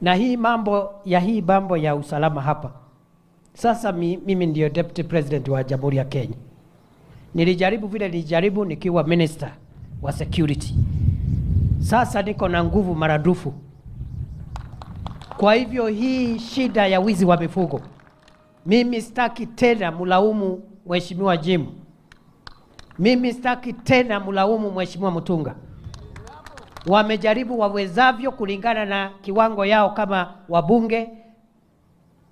na hii mambo ya hii mambo ya usalama hapa. Sasa mimi ndio deputy president wa Jamhuri ya Kenya. Nilijaribu vile nilijaribu nikiwa minister wa security. Sasa niko na nguvu maradufu. Kwa hivyo hii shida ya wizi wa mifugo, mimi sitaki tena mlaumu Mheshimiwa Jim, mimi sitaki tena mlaumu Mheshimiwa Mutunga wamejaribu wawezavyo kulingana na kiwango yao kama wabunge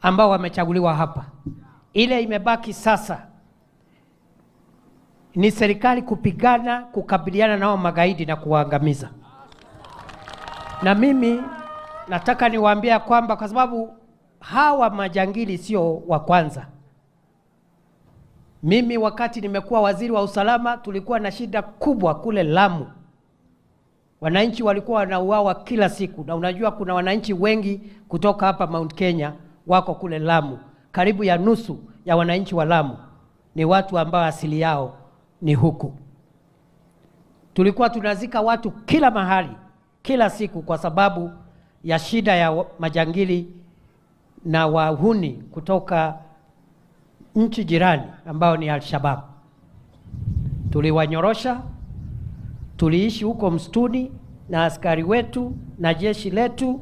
ambao wamechaguliwa hapa. Ile imebaki sasa ni serikali kupigana kukabiliana nao magaidi na kuwaangamiza. Na mimi nataka niwaambia kwamba kwa sababu hawa majangili sio wa kwanza. Mimi wakati nimekuwa waziri wa usalama, tulikuwa na shida kubwa kule Lamu Wananchi walikuwa wanauawa kila siku, na unajua kuna wananchi wengi kutoka hapa Mount Kenya wako kule Lamu. Karibu ya nusu ya wananchi wa Lamu ni watu ambao asili yao ni huku. Tulikuwa tunazika watu kila mahali kila siku kwa sababu ya shida ya majangili na wahuni kutoka nchi jirani ambao ni al shabab Tuliwanyorosha tuliishi huko msituni na askari wetu na jeshi letu,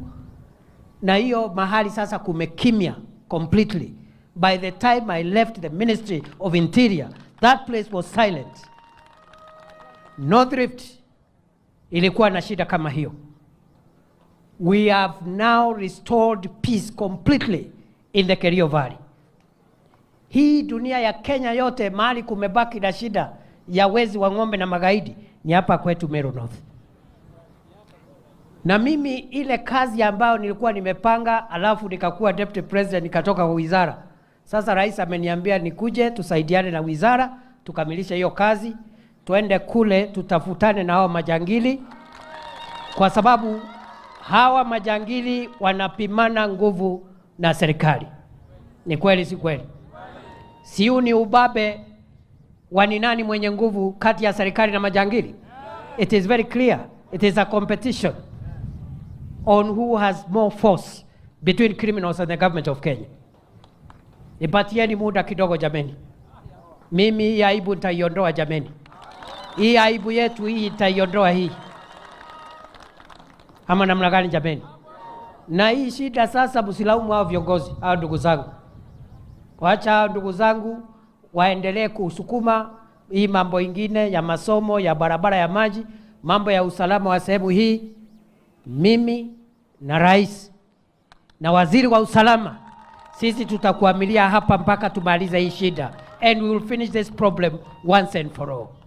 na hiyo mahali sasa kumekimya completely. By the time I left the Ministry of Interior, that place was silent. North Rift ilikuwa na shida kama hiyo. We have now restored peace completely in the Kerio Valley. Hii dunia ya Kenya yote mahali kumebaki na shida ya wezi wa ng'ombe na magaidi ni hapa kwetu Meru North. Na mimi ile kazi ambayo nilikuwa nimepanga, alafu nikakuwa deputy president, nikatoka kwa wizara. Sasa rais ameniambia nikuje tusaidiane na wizara tukamilishe hiyo kazi, tuende kule tutafutane na hawa majangili, kwa sababu hawa majangili wanapimana nguvu na serikali. Ni kweli si kweli? Siu ni ubabe wani nani mwenye nguvu kati ya serikali na majangili? It is very clear. It is a competition on who has more force between criminals and the government of Kenya. Ipatieni muda kidogo jameni, mimi hii aibu nitaiondoa jameni, hii aibu yetu hii itaiondoa hii, ama namna gani jameni? Na hii shida sasa, msilaumu hao viongozi hao, ndugu zangu, wacha hao ndugu zangu waendelee kusukuma hii mambo ingine ya masomo ya barabara ya maji, mambo ya usalama wa sehemu hii. Mimi na rais na waziri wa usalama, sisi tutakuamilia hapa mpaka tumalize hii shida, and we will finish this problem once and for all.